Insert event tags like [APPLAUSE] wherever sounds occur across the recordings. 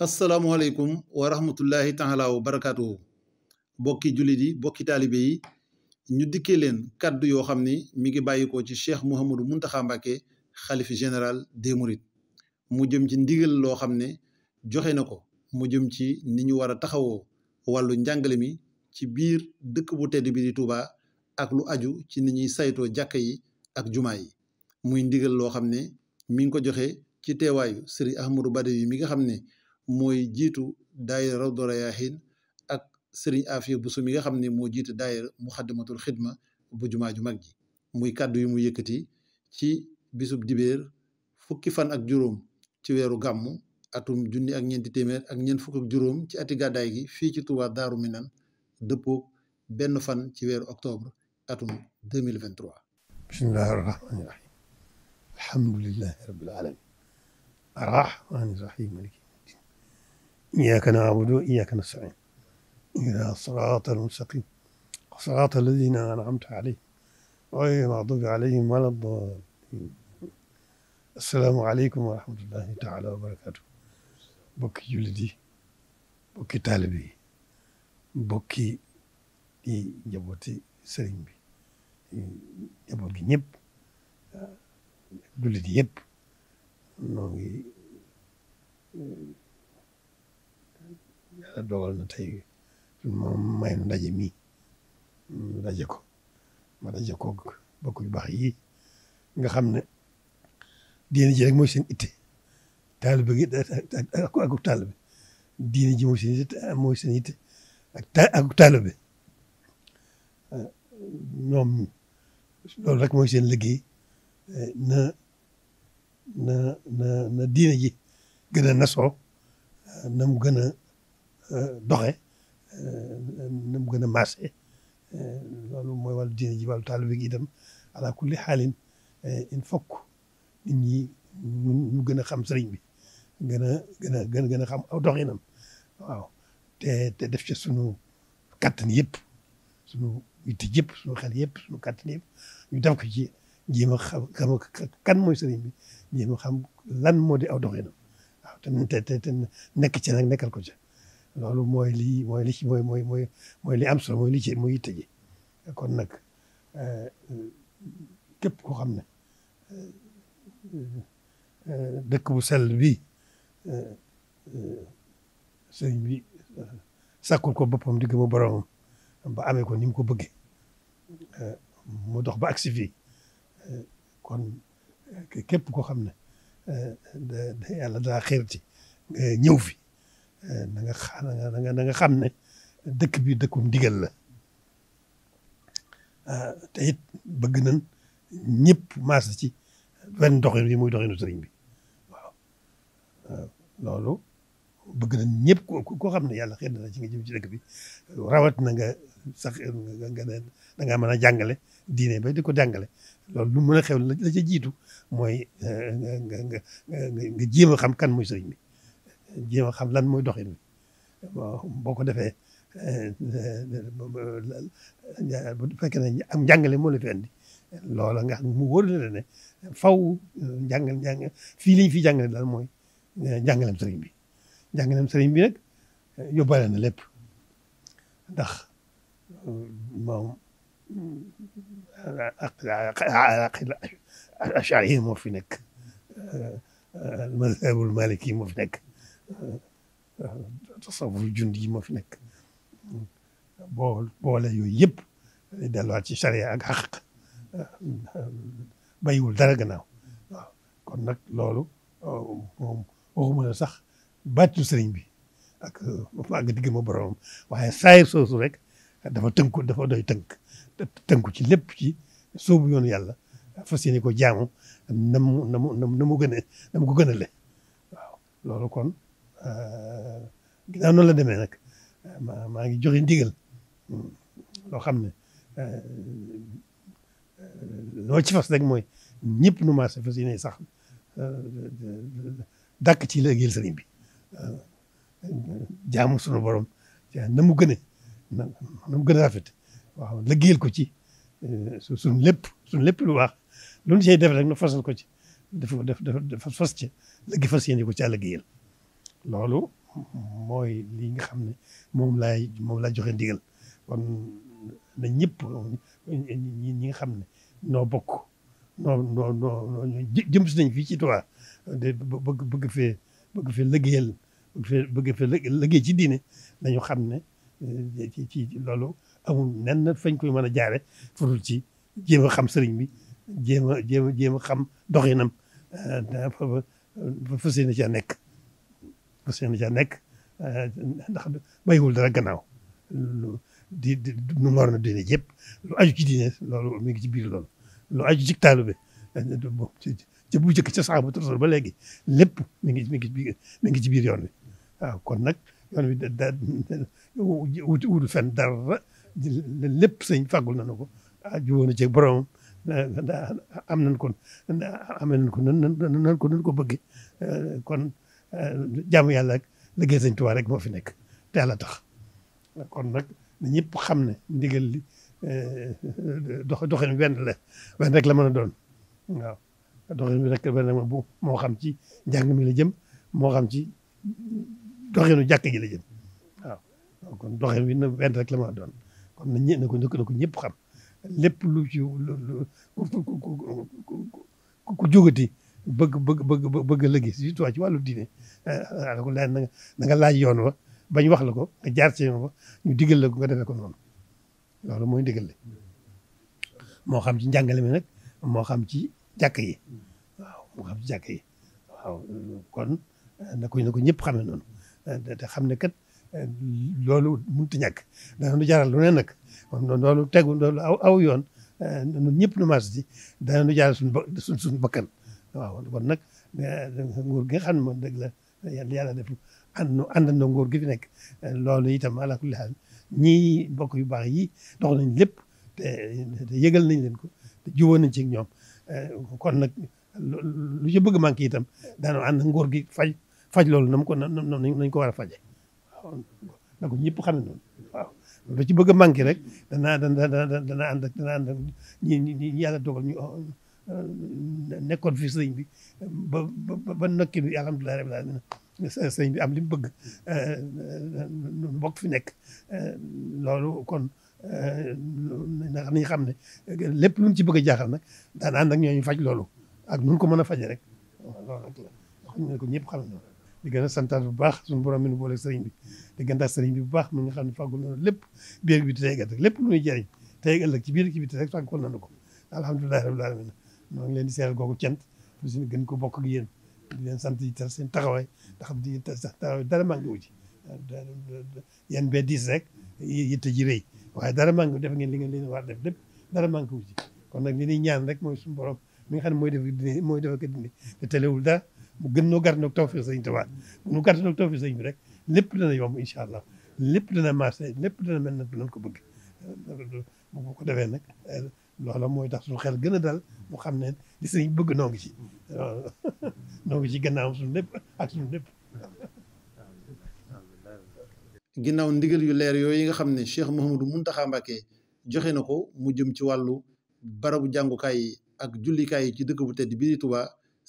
asalaamualeykum wa rahmatullahi taala wa barakaatuhu bokki jullit yi bokki taalibe yi ñu dikkee leen kàddu yoo xam ni mi ngi bàyyikoo ci cheikh Mouhamadou Mountakha Mbacké xalifi général des Mourides mu jëm ci ndigal loo xam ne joxe na ko mu jëm ci ni ñu war a taxawoo wàllu njàngale mi ci biir dëkk bu tedd bi di Touba ak lu aju ci ni ñuy saytoo jàkka yi ak jumaa yi muy ndigal loo xam ne mi ngi ko joxe ci teewaayu sëriñ Ahmadou yi mi nga xam ne mooy jiitu daayira Rawdu Rayaahiin ak sëriñ Afiya Buso mi nga xam ne moo jiitu daayira Muxaddamatul Xidma bu jumaa ju mag ji muy kàddu yi mu yëkkati ci bisub dibeer fukki fan ak juróom ci weeru gàmmu atum junni ak ñeenti téeméer ak ñeent fukk ak juróom ci ati gàddaay gi fii ci Touba Daaru Minan dëppoo benn fan ci weeru octobre atum 2023 bismillahi rahmaani إياك نعبد وإياك نستعين إلى الصراط المستقيم صراط الذين أنعمت عليهم غير المغضوب عليهم ولا الضالين السلام عليكم ورحمة الله تعالى وبركاته bokki jullit yi bokki taalibe yi bokki di njabooti sëriñ bi njaboot gi ñëpp jullit yi yëpp noo ngi yàlla na tey moom may ndaje mi ñu daje ko ma daje ko bokk yu baax yi nga xam ne diine ji rek mooy seen itte taalibe gi ak ak taalibe diine ji mooy seen itte mooy seen itte ak loolu rek mooy seen liggéey na na na na ji gën a nasoo na mu gën a Euh, doxe euh, na mu gën a marché euh, loolu mooy wàllu diine ji wàllu taalibe gi itam ala kulli xaalin il fokk nit ñi ñu gën a xam sëriñ bi gën a gën a gën gën a xam aw doxinam waaw te te def ci sunu kattan yëpp sunu yitte yëpp sunu xel yëpp sunu kattan yëpp ñu def ko ci jéem a xam kan mooy sëriñ bi jéem a xam lan moo di aw doxinam te te te nekk ci nag nekkal ko ci loolu mooy lii mooy li ci mooy mooy mooy mooy li am solo mooy muy yitte ji kon nag euh, euh, képp koo xam ne euh, dëkk bu sell bii sëñ bi sàkkul ko boppam di gëm a boromam ba amee ko ni ko bëggee mu dox ba agsi fii kon képp koo xam ne da yàlla daa xiirti ñëw fi Eh, na nga xam na nga xam ne dëkk bi dëkkum ndigal la ah, te it bëgg nañ ñëpp maasa ci benn doxin bi muy doxinu sëriñ bi waaw ah, loolu bëgg nañ ñëpp koo xam ne yàlla xëy na ci nga jëm ci dëkk bi rawat na nga sax nga ne da ngaa mën a jàngale diine ba di ko jàngale loolu lu mën a xew la ca jiitu mooy eh, nga nga nga jéem a xam kan muy sëriñ bi jéem xam lan mooy doxin boo ko defee bu fekkee ne am njàngale moo la nga xam mu wóor na la ne faw njàngal njàng fii liñ fi jàngale daal mooy njàngalem sëriñ bi njàngalem sëriñ bi nag yóbbaale na lépp ndax moom aqida moo fi nekk mazhabul maliki moo fi nekk tasawuf jund yi moo fi nekk boo boole yooyu yëpp delluwaat ci charia ak xaq bàyyiwul dara gannaaw waaw kon nag loolu moom waxuma la sax bàttu sëriñ bi ak ak digg ma borom waaye saayir soosu rek dafa tënku dafa doy tënk tënku ci lépp ci soobu yoon yàlla fas yéene ko jaamu na mu na mu na mu gën a ko gën a le loolu kon Euh, ginnaaw noonu la demee nag maa ngi joxe ndigal loo xam ne euh, euh, loo ci fas rek mooy ñëpp nu marché fas yéene sax dàkk ci liggéeyal sëriñ bi jaamu sunu borom na mu gën na mu gën a rafet waaw liggéeyal ko ci suñ lépp suñ lépp lu baax lu ñu cay def rek nu fas ko ci def def fas ci léegi fas yéene ko ci liggéeyal loolu mooy li nga xam ne moom lay moom laay joxe ndigal kon na ñëpp ñi nga xam ne noo bokk noo noo noo jëm si nañ fii ci Tuubaa de bëgg bëgg fee bëgg fee liggéeyal bëgg fee bëgg fee liggéey ci diine nañu xam ne eh, ci loolu amul nen na fañ koy mën a jaare furul ci jéem xam sëriñ bi jéem jéem a jéem a xam doxinam eh, fa fa fas yéene caa nekk fa seen nekk eh, ndax bàyyiwul dara gannaaw di di nu mu war na diine yëpp lu mi ngi ci biir loolu lu aju ci taalube eh, jëkk ca saxaabu rasul ba léegi lépp mi ngi mi ngi ci mi ngi ci biir yoon wi kon nag yoon wi da wuti wutu fenn dara lépp sëñ fàggul nañu ko aju woon na ci boromam am nañ ko am nan nan nan ko nan ko bëgge eh, kon jaamu yàlla ak liggéey Sëñ Tuubaa rek moo fi nekk te yàlla tax kon nag ñëpp xam ne ndigal li dox doxin benn la benn rek la mën a doon waaw doxin bi rek benn bu moo xam ci njàng mi la jëm moo xam ci doxinu jàkk ji la jëm kon doxin wi na benn rek la mën doon kon na ñë na ko na ko ñëpp xam lépp lu ci lu ku jógati bëgg bëgg bëgg bëgg a liggéey surtout ci wàllu diine ko euh, laaj na nga laaj yoon wa bañ wax la ko nga jaar ci yoon wa ñu digal la ko nga defee ko loolu mooy digal la moo xam ci njàngale mi nag moo xam ci jàkk yi waaw jàkk yi kon na ko na ko ñëpp xamee noonu euh, te xam ne kat euh, loolu mënut a ñàkk dana nu jaral lu ne nag loolu tegu loolu aw aw yoon ñun ñëpp nu maas ci dana nu jaral suñu suñ suñu bakkan waaw bon nag eh, nguur gi nga xam ne moom dëgg la yàlla def ànd àndandoo nguur gi fi nekk loolu itam ala kulli haal ñii bokk yu baax yi dox nañ lépp te te yëgal nañ leen ko te jubóo nañ ci ak ñoom eh, kon nag lu ci bëgg manqué itam daanoo ànd nguur gi faj faj loolu na mu ko na nañ ko war a faje waaw na ko ñëpp xam ne noonu waaw lu ci bëgg a manqué rek danaa dana dana dana ànd ak dana ànd ak ñi ñi yàlla dogal ñu nekkoon fi sëñ bi ba ba nokki bi alhamdulilah rabbil alamin sëñ bi am li mu bëgg bokk fi nekk loolu kon na nañu xam ne lépp luñ ci bëgg a jaaxal nag daan ànd ak ñooñu faj loolu ak nun ko mën a faje rek loolu ne ko ñëpp xam di gën a santaat bu baax suñu borom mi nu booleeg sëriñ bi di gën a sëriñ bi bu baax mi nga xam ne fàggul lépp biir bi tey ëllëg lépp lu ñuy jëriñ tey ëllëg ci biir ci rek fàggul nañu ko alhamdulilah rabbil alamin maa ngi leen di seeral kooku cant pour suñu gën ko bokk ak yéen di leen sant yi seen taxawaay ndax di taxawaay dara maa ngi wuti yéen bee diis rek yitte ji rëy waaye dara maa ngi def ngeen li ngeen leen def lépp dara maa ngi wuti kon nag li ñuy ñaan rek mooy suñu borom mi nga xam ne mooy def dindi mooy def ak dindi te telewul dara mu gën noo gàtt nag tawfiq sëñ Tuubaa mu gàtt nag tawfiq sëñ bi rek lépp dana yomb incha allah lépp dana marché lépp dana mel na du ko bëgg bu ko defee nag loola mooy tax suñu xel gën a dal mu xam ne li sëriñ bëgg noo ci [LAUGHS] noo ngi ci gannaaw suñu lépp ak ndigal yu leer yooyu nga xam ne Cheikh Mouhamadou Mountakha Mbacké joxe na ko mu jëm ci wàllu barabu jàngukaay yi ak jullikaay yi ci dëkk bu tedd bii di Touba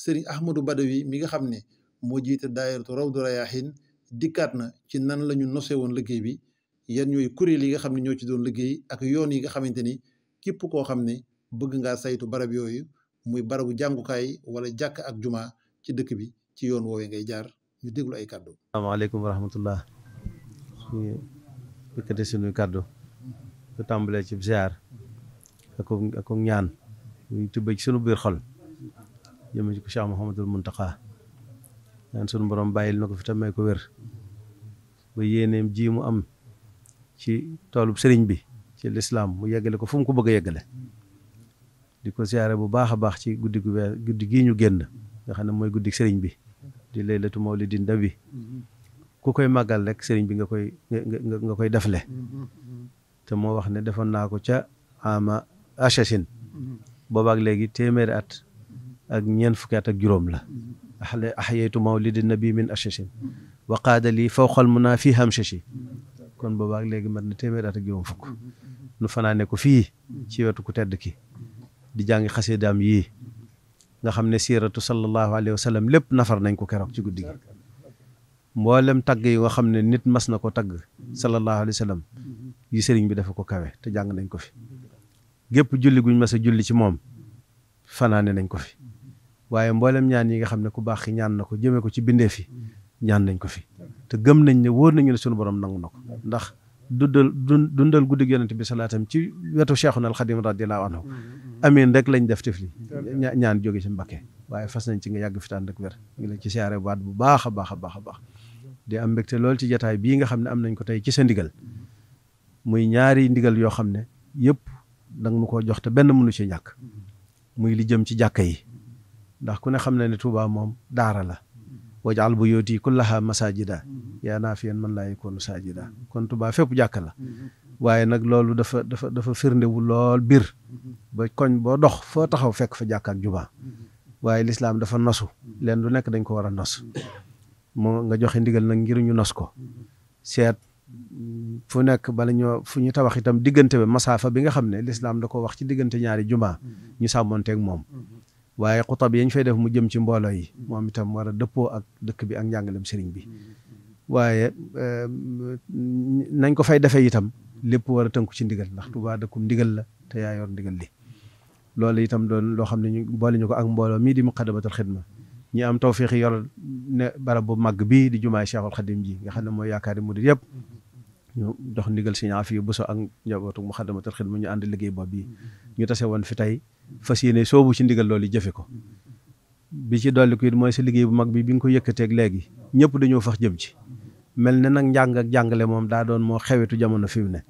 sëriñ Ahmadou Badawi mi nga xam ne moo jiite daayiratu Rawdu Rayaahin dikkaat na ci nan lañu ñu nose woon liggéey bi yan ñooy kuréel yi nga xam ne ñoo ci doon liggéey ak yoon yi nga xamante ni képp koo xam ne bëgg ngaa saytu barab yooyu muy barabu jàngukaay wala jàkk ak juma ci dëkk bi ci yoon woowee ngay jaar ñu déglu ay kàddu. asalaamaaleykum wa rahmatullah ñu yëkkati ci ziar ak ak ñaan sunu biir xol jëmee ci ko Cheikh Mouhamadul Muntaqa ñaan sunu borom bàyyil na fi tam ko wér ba yéeneem ji mu am ci toolu sëriñ bi. ci mu yeggale ko fu mu ko bëgg a yeggale di ko siyaare bu baax a baax ci guddi gu weer guddi gii ñu génn nga mooy guddi seriñ bi di laylatu mawlidin nabi ku koy màggal rek sëriñ bi nga koy nga koy defle te moo wax ne defoon naa ko ca ama achachin boobaak léegi téeméeri at ak ñeent fukki at ak juróom la axle axyeytu mawlidin nabi min achachin waqaada lii fawqal munaa fii hamchachi kon boobaak léegi mat na téeméeri at ak juróom fukk nu fanaane ko fii mm-hmm. ci wetu ku tedd ki di jàngi xasidaam yii nga xam ne siiratu sallallahu alayhi wa lépp nafar nañ ko keroog ci guddi gi mboolem tagg yi nga xam ne nit mas na ko tagg sallallahu alayhi wa mm-hmm. yi sëriñ bi dafa ko kawe te jàng nañ ko fi gépp julli guñ mas a julli ci moom fanaane nañ ko fi mm-hmm. waaye mboolem ñaan yi nga xam ne ku baax ñaan na ko jëmee ko ci bindee fi ñaan nañ ko fi te gëm nañ ne wóor nañu ne sunu borom nangu na ko dundal dundal guddig yonent bi salaatam ci wetu Cheikhuna al Xadim radiyallahu anhu amiin rek lañ def tefli ñaan jóge ci Mbakke waaye fas nañ ci nga yàgg fitaan taan rek wér ngi la ci siyaare waat bu baax a baax baax baax di am mbégte lool ci jataay bii nga xam ne am nañ ko tey ci sa ndigal muy ñaari ndigal yoo xam ne yëpp danga ma koo jox te benn mënu si ñakk muy li jëm ci jàkka yi ndax ku ne xam ne ne Tuubaa moom daara la wajaal bu yooti kullaha masajida yaa naa fi yéen man laa yëkkoon saajida mm-hmm. kon Tuubaa fépp jàkk la mm-hmm. waaye nag loolu dafa dafa dafa firndewu lool biir mm-hmm. ba koñ boo dox foo taxaw fekk fa jàkk ak jubaa waaye lislaam dafa nosu leen lu nekk dañ ko war a nos moo nga joxe ndigal nag ngir ñu nos ko seet fu nekk bala ñoo fu ñu tabax itam diggante bi masaafa bi nga xam ne lislaam da ko wax ci diggante ñaari jumaa ñu sàmmonteeg moom waaye xutab yañ fay def mu jëm ci mbooloo yi moom itam war a dëppoo ak dëkk bi ak njàngalem sëriñ bi waaye ehm, nañ ko fay defee itam lépp wara a tënku ci ndigal ndax Tuubaa dëkkum ndigal la te yaa yor ndigal li loolu itam doon loo xam ne ñu boole ñu ko ak mbooloo mii di muqaddamatul xidma ñu am tawfiix yor barab bu màgg bii di jumaay Cheikhul Xadim ji nga xam ne mooy yaakaari murid yëpp ñu ndigal si ñaa fi buso ak njabootu muqaddamatul xidma ñu ànd liggéey boobu bi ñu tase woon fi tey fas yéene soobu ci ndigal loolu jëfe ko bi ci dolli ko it mooy sa liggéey bu mag bi bi nga ko yëkkateeg léegi ñëpp dañoo fax jëm ci mel ne nag njàng ak jàngale moom daa doon moo xewetu jamono fi mu ne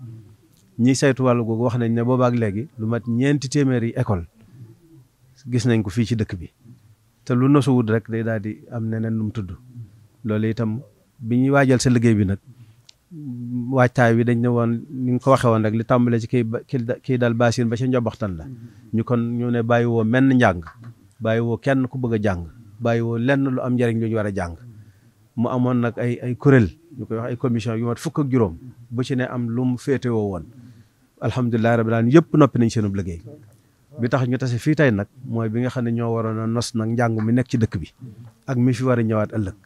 ñi saytu wàllu googu wax nañ ne boobaak léegi lu mat ñeenti téeméeri école gis nañ ko fii ci dëkk bi te lu nosu rek day daal di am neneen nu mu tudd loolu itam bi ñuy waajal sa liggéey bi nag waajtaay bi dañ ne woon ni nga ko waxee woon rek li tàmbalee ci kii kii dal baasin ba ci njobaxtan la ñu kon ñu ne bàyyi woo menn njàng bàyyi woo kenn ku bëgg jàng bàyyi woo lenn lu am njëriñ lu ñu war a jàng mu amoon nag ay ay kuréel ñu koy wax ay commission yu mat fukk ak juróom bu ci ne am lu mu féetewoo woon alhamdulilah rabbil aalamiin yëpp noppi nañ seenub liggéey bi tax ñu tase fii tey nag mooy bi nga xam ne ñoo waroon a nos nag njàngu mi nekk ci dëkk bi ak mu fi war a ñëwaat ëllëg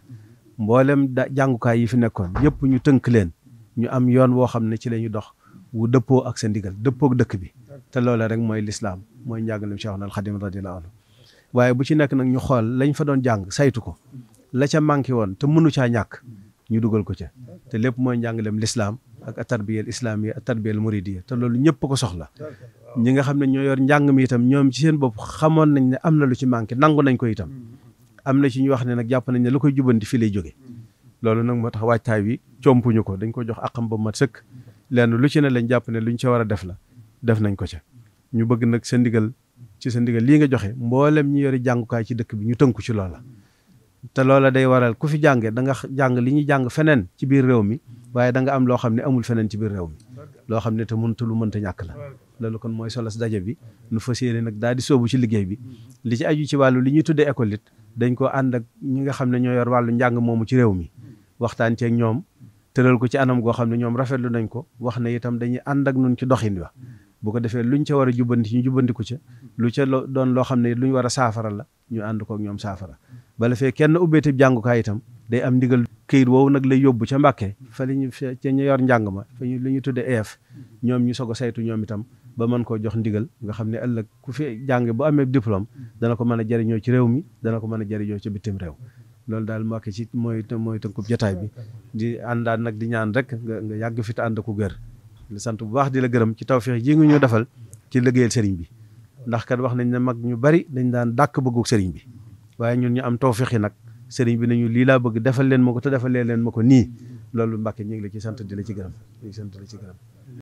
mboolem da jàngukaay yi fi nekkoon yëpp ñu tënk leen ñu am yoon woo xam ne ci la dox wu dëppoo ak seen ndigal dëppook dëkk bi te loole rek mooy lislaam mooy njàngalem Cheikhul Khadim radiyallahu anhu waaye bu ci nekk nag ñu xool lañ fa doon jàng saytu ko la ca manqué woon te mënu caa ñàkk ñu dugal ko ca te lépp mooy njàngaleem lislaam ak atarbiyel islamiya atarbiyel muridiya te loolu ñëpp ko soxla ñi xam ne ñoo yor njàng mi ñoom ci seen xamoon nañ ne am na lu ci manqué nangu nañ ko itam am na ci ñu wax ne nag jàpp nañ ne lu koy jubanti fii lay jóge loolu nag moo tax waajtaay wi compuñu ko dañ ko jox akam ba mat sëkk lenn lu ci ne lañ jàpp ne luñ ca war a def la def nañ ko ca ñu bëgg nag sa ndigal ci sa ndigal lii nga joxe mboolem ñi yori jàngukaay ci dëkk bi ñu tënku ci loola te loola day waral ku fi jànge da nga jàng li ñuy jàng feneen ci biir réew mi waaye danga am loo xam ne amul feneen ci biir réew mi loo xam ne te mënta lu mënta ñàkk la loolu kon mooy solas daje bi nu fa yéene nag daal di soobu ci liggéey bi li ci aju ci wàllu li ñuy tuddee école it dañ ko ànd ak ñi nga xam ne yor wàllu njàng moomu ci réew mi waxtaan ceeg ñoom tëral ko ci anam goo xam ne ñoom rafetlu nañ ko wax ne itam dañuy ànd ak nun ci doxin wa bu ko defee ñu ca war a jubbanti ñu jubbanti ko ca lu ca doon loo xam ne luñ war a saafara la ñu ànd kook ñoom saafara bala fee kenn ubbeetib jàngukaay itam day am ndigal këyit woowu nag lay yóbbu ca Mbàkke fa li ñu ca ñu yor njàng ma fa li ñu tudde EF ñoom ñu soog a saytu ñoom itam ba mën koo jox ndigal nga xam ne ëllëg ku fi jàng bu amee diplôme dana ko mën a jariñoo ci réew mi dana ko mën a jëriñoo ci bitim réew loolu daal Mbàkke ci mooy mooy tënkub jotaay bi di àndaan nag di ñaan rek nga yàgg fi te ànd ko gër di sant bu baax di la gërëm ci taw tawfeex ji nga ñu defal ci liggéeyal sëriñ bi ndax wax nañ ne mag ñu bari dañ daan dàkk bëggug sëriñ bi waaye ñun ñu am too yi nag sëriñ bi nañu lii laa bëgg defal leen ma ko te defal leen ma ko nii loolu Mbàkke ñu ngi la ci sant di la ci gërëm ñu sant di la ci gërëm